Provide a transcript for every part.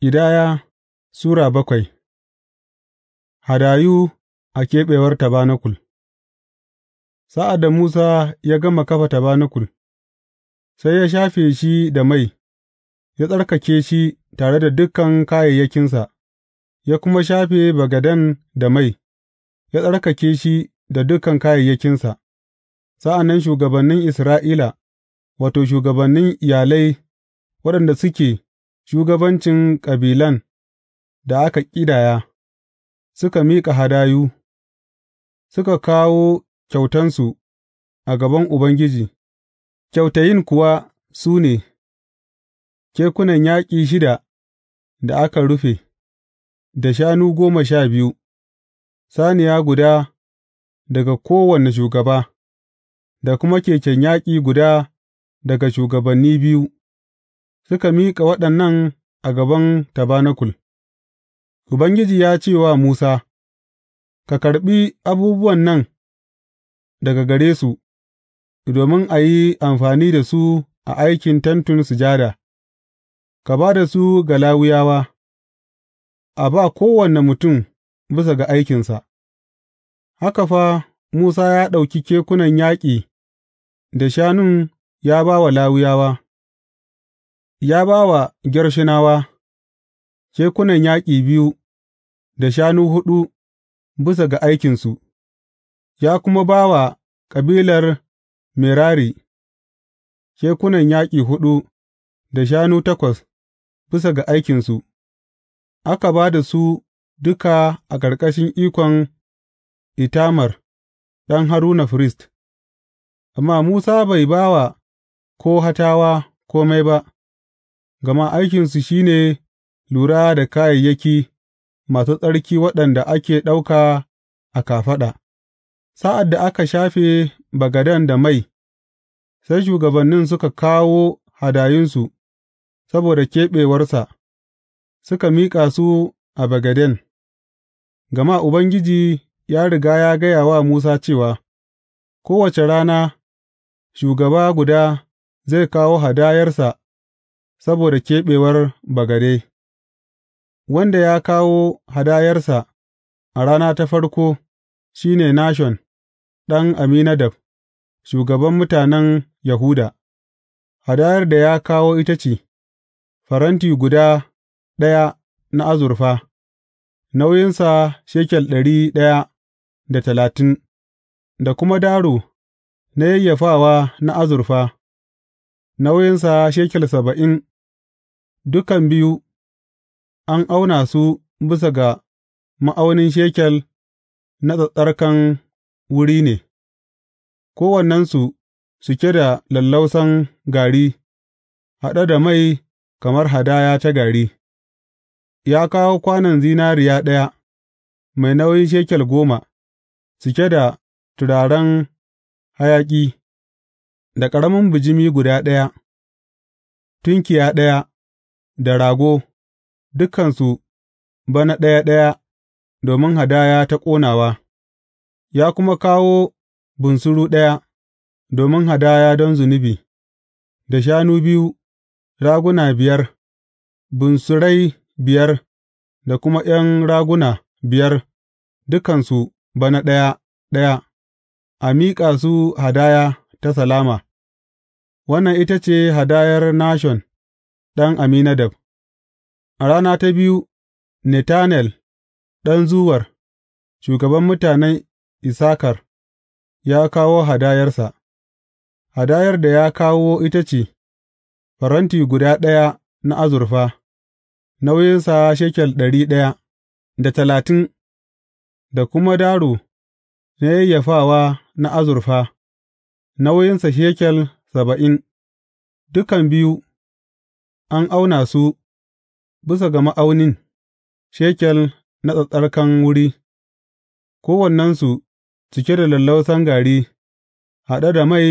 Ƙidaya Sura bakwai Hadayu a keɓewar tabanakul Sa'ad da Musa ya gama kafa tabanakul, sai ya shafe shi da mai, ya tsarkake shi tare da dukan kayayyakinsa, ya kuma shafe bagaden da mai, ya tsarkake shi da dukan kayayyakinsa, sa'an nan shugabannin Isra'ila, wato, shugabannin iyalai waɗanda suke Shugabancin kabilan da aka ƙidaya, suka miƙa hadayu, suka kawo kyautansu a gaban Ubangiji, kyautayin kuwa su ne, kekunan yaƙi shida da aka rufe, da shanu goma sha biyu, saniya guda daga kowane shugaba, da kuma keken yaƙi guda daga shugabanni biyu. suka miƙa waɗannan a gaban tabanakul, Ubangiji ya ce wa Musa, Ka karɓi abubuwan nan daga gare su, domin a yi amfani da su a aikin Tentin Sujada, ka ba da su ga lawuyawa. a ba kowane mutum bisa ga aikinsa. Haka fa Musa ya ɗauki kekunan yaƙi da shanun ya ba wa Lawiyawa. ya ba wa Gershonawa kekunan yaƙi biyu da shanu huɗu bisa ga aikinsu, ya kuma ba wa kabilar Merari kekunan yaƙi huɗu da shanu takwas bisa ga aikinsu, aka ba da su duka a ƙarƙashin ikon Itamar ɗan Haruna firist, amma Musa bai ba wa hatawa kome ba. gama aikinsu shi ne lura da kayayyaki masu tsarki waɗanda ake ɗauka a kafaɗa, sa'ad da aka shafe bagaden da mai, sai shugabannin suka kawo hadayunsu saboda keɓewarsa, suka miƙa su a bagaden, gama Ubangiji ya riga ya gaya wa Musa cewa, Kowace rana, shugaba guda zai kawo hadayarsa saboda keɓewar bagade, wanda ya kawo hadayarsa a rana ta farko shi ne Nashon ɗan da shugaban mutanen Yahuda, hadayar da ya kawo ita ce, faranti guda ɗaya na azurfa, nauyinsa shekel ɗari ɗaya da talatin, da kuma daro na yayyafawa na azurfa, nauyinsa shekel saba'in dukan biyu an auna su bisa ga ma'aunin shekel na tsattsarkan wuri ne, kowannensu suke da lallausan gari, haɗe da mai kamar hadaya ta gari, ya kawo kwanon zinariya ɗaya, mai nauyin shekel goma, suke da turaren hayaƙi, da ƙaramin bijimi guda ɗaya, tunkiya ɗaya, da rago, dukansu bana ɗaya ɗaya domin hadaya ta ƙonawa, ya kuma kawo bunsuru ɗaya domin hadaya don zunubi, da shanu biyu, raguna biyar, bunsurai biyar, da kuma ’yan raguna biyar, dukansu bana ɗaya ɗaya, a miƙa su hadaya ta salama. Wannan ita ce hadayar Nashon. ɗan Aminadab. A rana ta biyu, Netanel ɗan Zuwar, shugaban mutanen isakar ya kawo hadayarsa, hadayar da ya kawo ita ce, faranti guda ɗaya na azurfa, nauyinsa shekel ɗari ɗaya da talatin, da kuma daro na yayyafawa na azurfa, nauyinsa shekel saba'in, dukan biyu An auna su bisa ga ma'aunin, shekel na tsattsarkan wuri, kowannensu cike da lallausan gari, haɗe da mai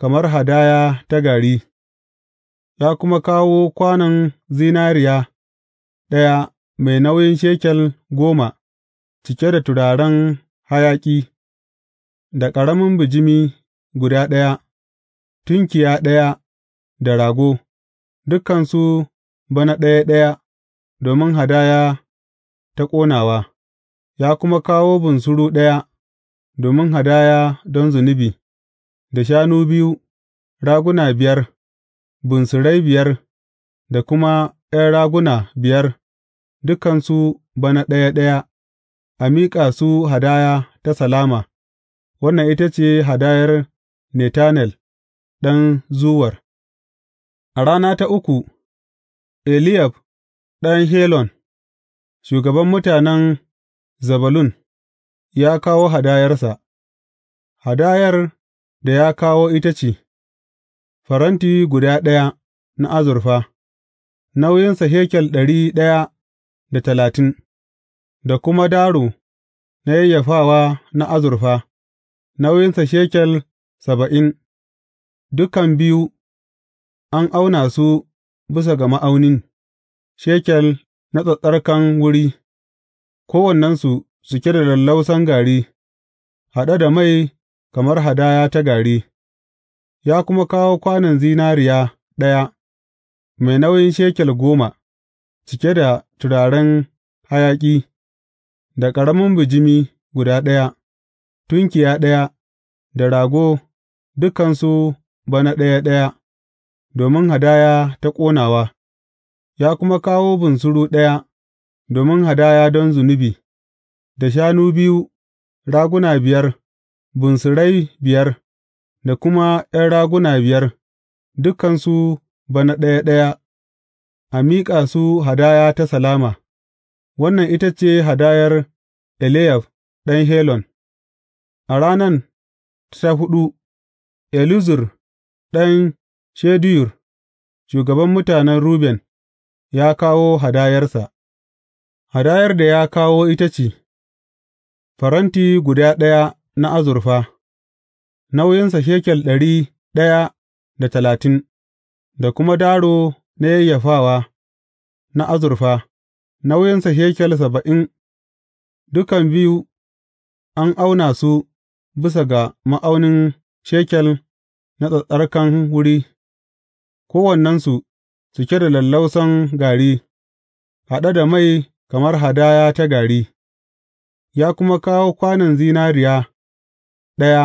kamar hadaya ta gari, ya kuma kawo kwanon zinariya ɗaya mai nauyin shekel goma cike da turaren hayaƙi, da ƙaramin bijimi guda ɗaya, tunkiya ɗaya da rago. dukansu bana ɗaya ɗaya domin hadaya ta ƙonawa, ya kuma kawo bunsuru ɗaya domin hadaya don zunubi, da shanu biyu, raguna biyar, bunsurai biyar, da kuma ’yan raguna biyar, dukansu bana ɗaya ɗaya, a miƙa su hadaya ta salama, wannan ita ce hadayar Netanel ɗan Zuwar. A rana ta uku, Eliyab ɗan Helon, shugaban mutanen Zabalun, ya kawo hadayarsa, hadayar da ya kawo ita ce, faranti guda ɗaya na azurfa, nauyinsa shekel ɗari ɗaya da talatin, da kuma daro na yayyafawa na azurfa, nauyinsa shekel saba'in, dukan biyu. an auna su bisa ga ma'aunin, shekel na tsattsarkan wuri, kowannensu suke da lallausan gari, haɗe da mai kamar hadaya ta gari, ya kuma kawo kwanon zinariya ɗaya, mai nauyin shekel goma, cike da turaren hayaƙi, da ƙaramin bijimi guda ɗaya, tunkiya ɗaya, da rago, dukansu bana ɗaya ɗaya. domin hadaya ta ƙonawa, ya kuma kawo bunsuru ɗaya domin hadaya don zunubi, da shanu biyu, raguna biyar, bunsurai biyar, da kuma ’yan raguna biyar, dukansu bana ɗaya ɗaya, a miƙa su hadaya ta salama. Wannan ita ce hadayar Eliyab ɗan Helon. A ranan ta huɗu, Elizur ɗan Shediyur shugaban mutanen Ruben, ya kawo hadayarsa Hadayar da ya kawo ita ce, faranti guda ɗaya na azurfa, nauyinsa shekel ɗari ɗaya da talatin, da kuma daro na yayyafawa na azurfa, nauyinsa shekel saba'in, dukan biyu an auna su bisa ga ma'aunin shekel na tsattsarkan wuri. kowannensu cike da lallausan gari, haɗe da mai kamar hadaya ta gari, ya kuma kawo kwanon zinariya ɗaya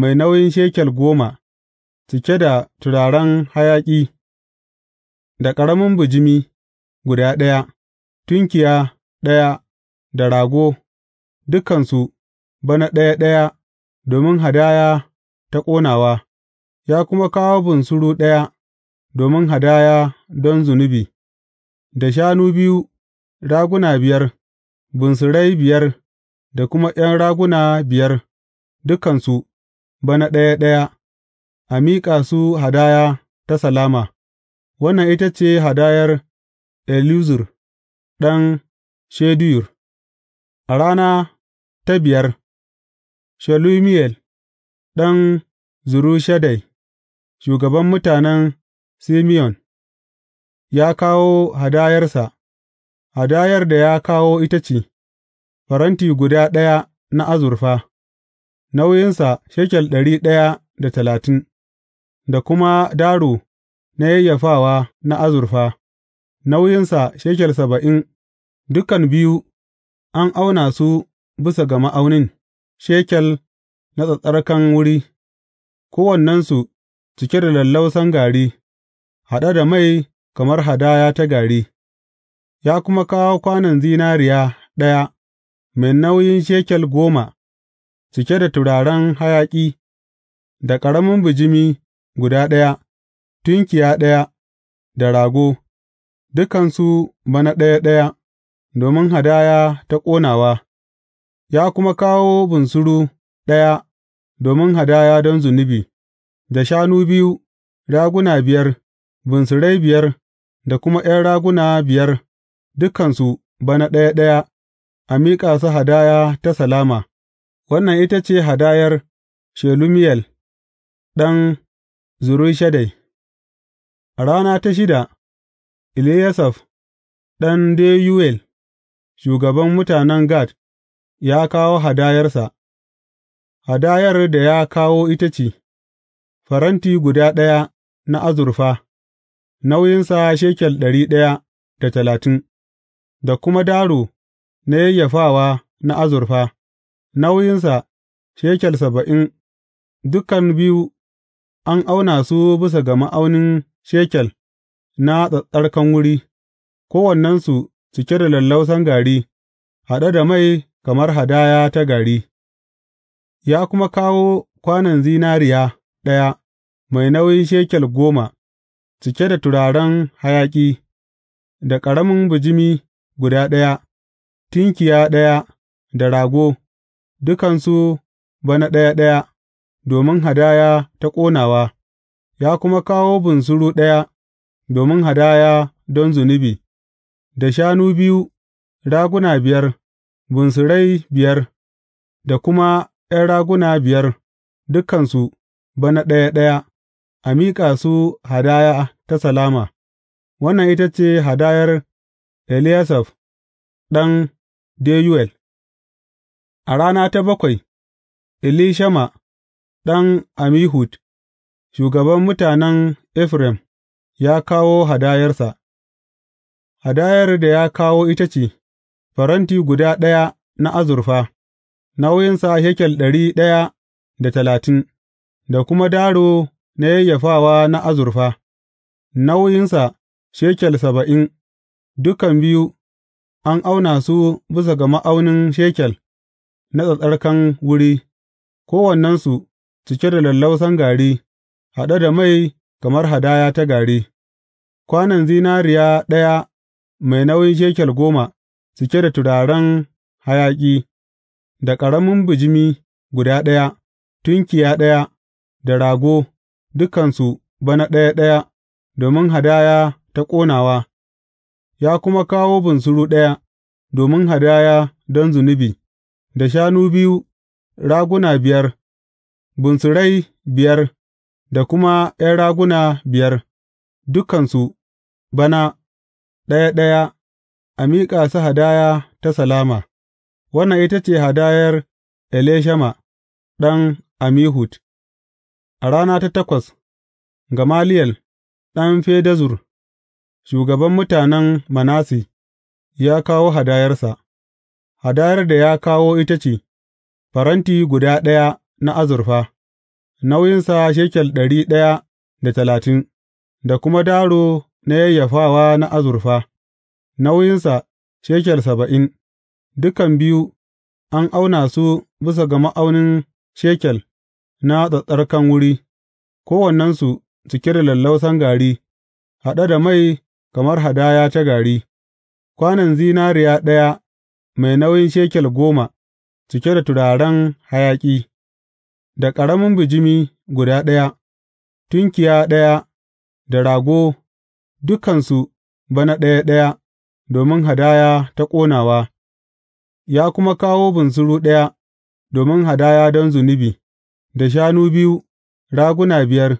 mai nauyin shekel goma, cike da turaren hayaƙi, da ƙaramin bijimi guda ɗaya, tunkiya ɗaya da rago, dukansu bana ɗaya ɗaya domin hadaya ta ƙonawa, ya kuma kawo bunsuru ɗaya. domin hadaya don zunubi, da shanu biyu, raguna biyar, bunsurai biyar, da kuma ’yan raguna biyar, dukansu bana ɗaya ɗaya, a miƙa su hadaya ta salama, wannan ita ce hadayar Elizur ɗan Shediyur, A rana ta biyar, Shalumiyel ɗan Zurushadai, shugaban mutanen Simeyon ya kawo hadayarsa, hadayar da ya kawo ita ce, faranti guda ɗaya na azurfa, nauyinsa shekel ɗari ɗaya da talatin, da kuma daro na yayyafawa na azurfa, nauyinsa shekel saba'in, dukan biyu an auna su bisa ga ma'aunin shekel na tsattsarkan wuri, kowannensu cike da lallausan gari. haɗe da mai kamar hadaya ta gari, ya kuma kawo kwanon zinariya ɗaya mai nauyin shekel goma, cike da turaren hayaƙi, da ƙaramin bijimi guda ɗaya, tunkiya ɗaya, da rago, dukansu bana ɗaya ɗaya, domin hadaya ta ƙonawa, ya kuma kawo bunsuru ɗaya domin hadaya don zunubi, da shanu biyu, raguna biyar. bunsurai biyar da kuma ’yan raguna biyar, dukansu bana ɗaya ɗaya, a miƙa su hadaya ta salama, wannan ita ce hadayar Shelumiyel ɗan Zurishaddai. A rana ta shida, Eliyasaf ɗan Deyuwel, shugaban mutanen Gad, ya kawo hadayarsa, hadayar da ya kawo ita ce, faranti guda ɗaya na azurfa. nauyinsa shekel ɗari ɗaya da talatin, da kuma daro na yayyafawa na azurfa, nauyinsa shekel saba'in, dukan biyu an auna su bisa ga ma'aunin shekel na tsattsarkan wuri, kowannensu cike da lallausan gari, haɗe da mai kamar hadaya ta gari, ya kuma kawo kwanon zinariya ɗaya mai nauyin shekel goma. cike da turaren hayaƙi, da ƙaramin bijimi guda ɗaya, tunkiya ɗaya da rago, dukansu bana ɗaya ɗaya, domin hadaya ta ƙonawa, ya kuma kawo bunsuru ɗaya domin hadaya don zunubi, da shanu biyu, raguna biyar, bunsurai biyar, da kuma ’yan raguna biyar, dukansu bana ɗaya ɗaya. a miƙa su hadaya ta salama, wannan ita ce hadayar Eliyasaf ɗan Deyuwel. A rana ta bakwai, Elishama ɗan Amihud, shugaban mutanen Efraim, ya kawo hadayarsa, hadayar da ya kawo ita ce, faranti guda ɗaya na azurfa, nauyinsa shekel ɗari ɗaya da talatin, da kuma daro na yayyafawa na azurfa, nauyinsa shekel saba'in, dukan biyu an auna su bisa ga ma'aunin shekel na tsattsarkan wuri, kowannensu cike da lallausan gari, haɗe da mai kamar hadaya ta gari, Kwanan zinariya ɗaya mai nauyin shekel goma, cike da turaren hayaƙi, da ƙaramin bijimi guda ɗaya, tunkiya ɗaya, da rago. dukansu bana ɗaya ɗaya domin hadaya ta ƙonawa, ya kuma kawo bunsuru ɗaya domin hadaya don zunubi, da shanu biyu, raguna biyar, bunsurai biyar, da kuma ’yan raguna biyar, dukansu bana ɗaya ɗaya a miƙa su hadaya ta salama, wannan ita ce hadayar Elishama ɗan Ammihud. A rana ta takwas, Gamaliyel ɗan Fedazur, shugaban mutanen Manasi ya kawo hadayarsa, hadayar da ya kawo ita ce, faranti guda ɗaya na azurfa, nauyinsa shekel ɗari ɗaya da talatin, da kuma daro na yayyafawa na azurfa, nauyinsa shekel saba'in, dukan biyu an auna su bisa ga ma'aunin shekel. na tsattsarkan wuri, kowannensu cike da lallausan gari, haɗe da mai kamar hadaya ta gari, kwanan zinariya ɗaya mai nauyin shekel goma, cike da turaren hayaƙi, da ƙaramin bijimi guda ɗaya, tunkiya ɗaya da rago, dukansu bana ɗaya ɗaya, domin hadaya ta ƙonawa, ya kuma kawo bunsuru ɗaya domin hadaya don zunubi. da shanu biyu, raguna biyar,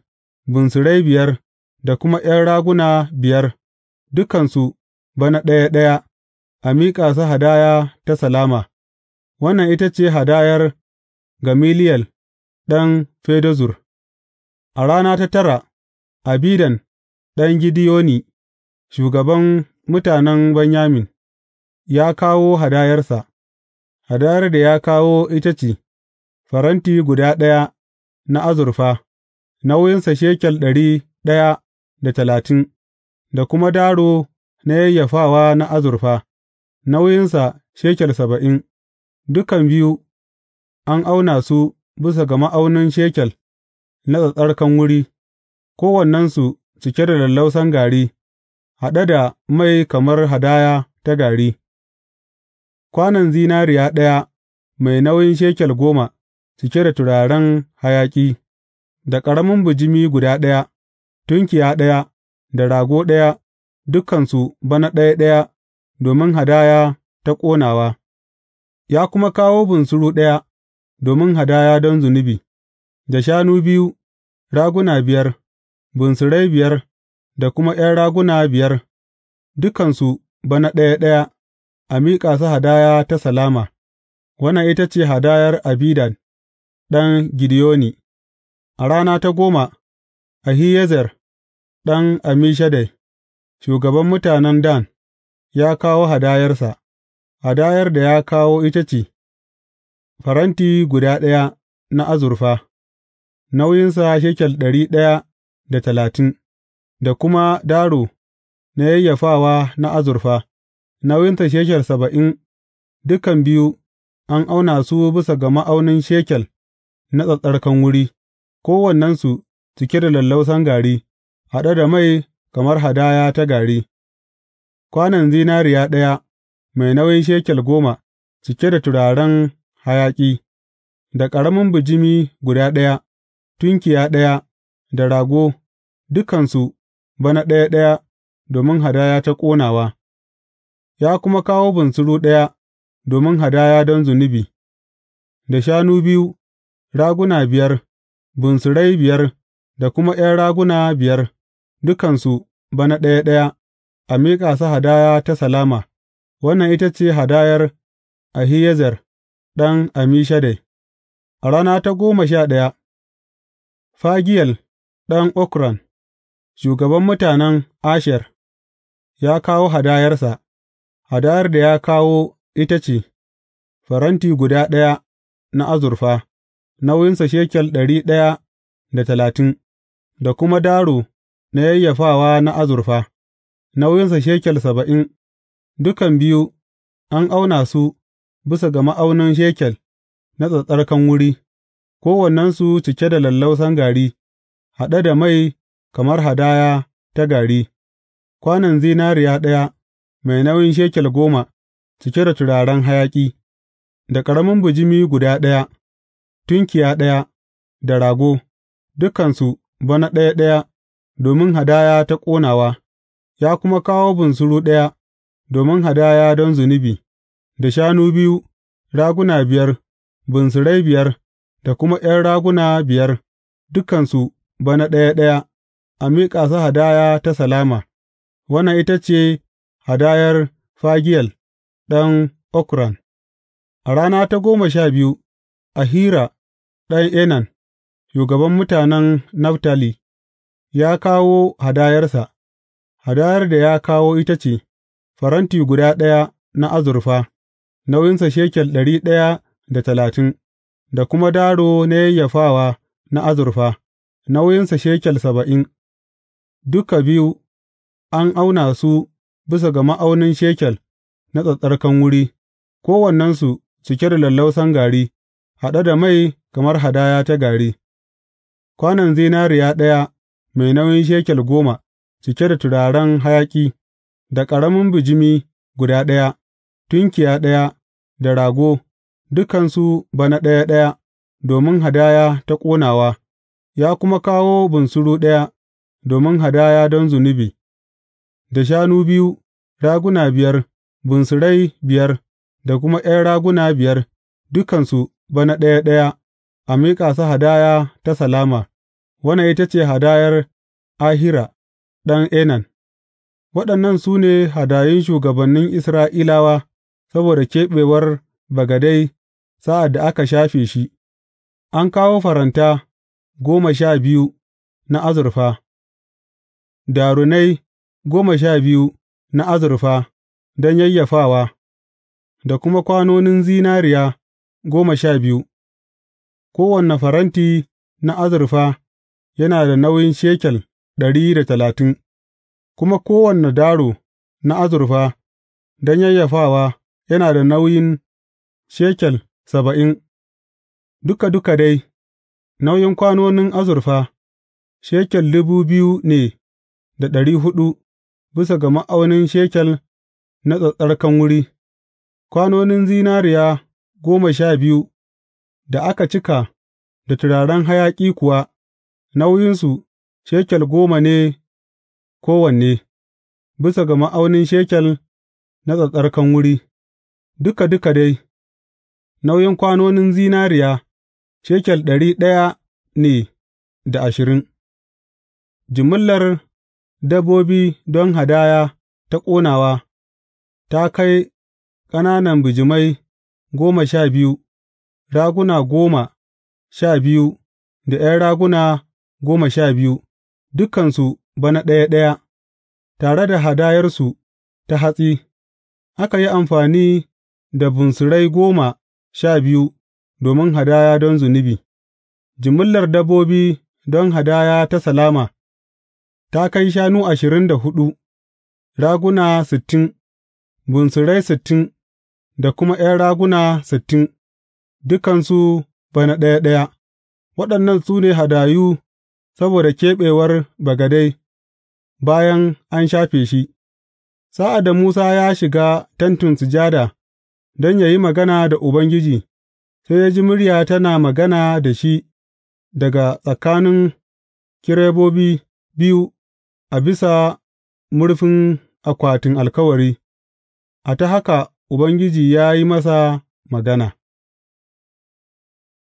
bunsurai biyar, da kuma ’yan raguna biyar, dukansu bana ɗaya ɗaya, a miƙa su hadaya ta salama, wannan ita ce hadayar Gamaliyel ɗan Fedazur. A rana ta tara, Abidan ɗan Gideyoni, shugaban mutanen Benyamin, ya kawo hadayarsa, hadayar da ya kawo ita ce. faranti guda ɗaya na azurfa, nauyinsa shekel ɗari ɗaya da talatin, da kuma daro na yayyafawa na azurfa, nauyinsa shekel saba'in, dukan biyu an auna su bisa ga ma'aunin shekel na tsattsarkan wuri, kowannensu cike da lallausan gari, haɗe da mai kamar hadaya ta gari, Kwanan zinariya ɗaya mai nauyin shekel goma. cike da turaren hayaƙi, da ƙaramin bijimi guda ɗaya, tunkiya ɗaya, da rago ɗaya, dukansu bana ɗaya ɗaya domin hadaya ta ƙonawa, ya kuma kawo bunsuru ɗaya domin hadaya don zunubi, da shanu biyu, raguna biyar, bunsurai biyar, da kuma ’yan raguna biyar, dukansu bana ɗaya ɗaya, a miƙa su hadaya ta salama, wannan ita ce hadayar Abidan. ɗan Gideyoni A rana ta goma, Ahiyezer ɗan Ammishaddai, shugaban mutanen Dan, ya kawo hadayarsa, hadayar da ya kawo ita ce, faranti guda ɗaya na azurfa, nauyinsa shekel ɗari ɗaya da talatin, da kuma daro na yayyafawa na azurfa, nauyinsa shekel saba'in, dukan biyu an auna su bisa ga ma'aunin shekel. na tsattsarkan wuri, kowannensu cike da lallausan gari, haɗe da mai kamar hadaya ta gari, kwanon zinariya ɗaya mai nauyin shekel goma, cike da turaren hayaƙi, da ƙaramin bijimi guda ɗaya, tunkiya ɗaya, da rago, dukansu bana ɗaya ɗaya domin hadaya ta ƙonawa, ya kuma kawo bunsuru ɗaya domin hadaya don zunubi, da shanu biyu. raguna biyar, bunsurai biyar da kuma ’yan raguna biyar, dukansu bana ɗaya ɗaya, a miƙa su hadaya ta salama, wannan ita ce hadayar Ahiyezer ɗan Amishadai. a rana ta goma sha ɗaya, Fagiyel ɗan Okran, shugaban mutanen Asher, ya kawo hadayarsa, hadayar da ya kawo ita ce, faranti guda ɗaya na azurfa. nauyinsa shekel ɗari ɗaya da talatin, da kuma daro na yayyafawa na azurfa, nauyinsa shekel saba'in, dukan biyu an auna su bisa ga ma'aunin shekel na tsattsarkan wuri, kowannensu cike da lallausan gari, haɗe da mai kamar hadaya ta gari, Kwanan zinariya ɗaya mai nauyin shekel goma, cike da turaren hayaƙi, da ƙaramin bijimi guda ɗaya. tunkiya ɗaya, da rago, dukansu bana ɗaya ɗaya domin hadaya ta ƙonawa, ya kuma kawo bunsuru ɗaya domin hadaya don zunubi, da shanu biyu, raguna biyar, bunsurai biyar, da kuma ’yan raguna biyar, dukansu bana ɗaya ɗaya, a miƙa su hadaya ta salama. Wannan ita ce hadayar Fagiyel ɗan Okran. A rana ta goma sha biyu, a Hira ɗan Enan, shugaban mutanen Naftali, ya kawo hadayarsa, hadayar da ya kawo ita ce, faranti guda ɗaya na azurfa, nauyinsa shekel ɗari ɗaya da talatin, da kuma daro na yayyafawa na azurfa, nauyinsa shekel saba'in, duka biyu an auna su bisa ga ma'aunin shekel na tsattsarkan wuri, kowannensu cike da lallausan gari, haɗe da mai kamar hadaya ta gari, kwanon zinariya ɗaya mai nauyin shekel goma, cike da turaren hayaƙi, da ƙaramin bijimi guda ɗaya, tunkiya ɗaya, da rago, dukansu bana ɗaya ɗaya, domin hadaya ta ƙonawa, ya kuma kawo bunsuru ɗaya domin hadaya don zunubi, da shanu biyu, raguna biyar, bunsurai biyar, da kuma ’yan raguna biyar, dukansu bana ɗaya ɗaya. a miƙa su hadaya ta salama, wannan ita ce hadayar Ahira ɗan Enan. Waɗannan su ne hadayun shugabannin Isra'ilawa saboda keɓewar bagadai sa'ad da aka shafe shi, an kawo faranta goma sha biyu na azurfa, darunai goma sha biyu na azurfa don yayyafawa, da kuma kwanonin zinariya goma sha biyu. Kowane faranti na azurfa yana da nauyin shekel ɗari da talatin, kuma kowane daro na azurfa don yayyafawa yana da nauyin shekel saba'in, duka duka dai, nauyin kwanonin azurfa, shekel dubu biyu ne da ɗari hudu, bisa ga ma'aunin shekel na tsattsarkan wuri, kwanonin zinariya goma sha biyu. da aka cika da turaren hayaƙi kuwa nauyinsu shekel goma ne kowanne, bisa ga ma'aunin shekel na tsattsarkan wuri, duka duka dai, nauyin kwanonin zinariya shekel ɗari ɗaya ne da ashirin. Jimillar dabbobi don hadaya ta ƙonawa ta kai ƙananan bijimai goma sha biyu. raguna goma sha biyu da ’yan raguna goma sha biyu, dukansu bana ɗaya ɗaya, tare da hadayarsu ta hatsi, aka yi amfani da bunsurai goma sha biyu domin hadaya don zunubi, jimillar dabbobi don hadaya ta salama ta kai shanu ashirin da huɗu, raguna sittin, bunsurai sittin da kuma ’yan raguna sittin. dukansu bana ɗaya ɗaya, waɗannan su ne hadayu saboda keɓewar bagade bayan an shafe shi, sa'ad da Musa ya shiga Tentin Sujada don yă yi magana da Ubangiji, sai ya ji murya tana magana da shi daga tsakanin kirebobi biyu a bisa murfin akwatin alkawari, a ta haka Ubangiji ya yi masa magana.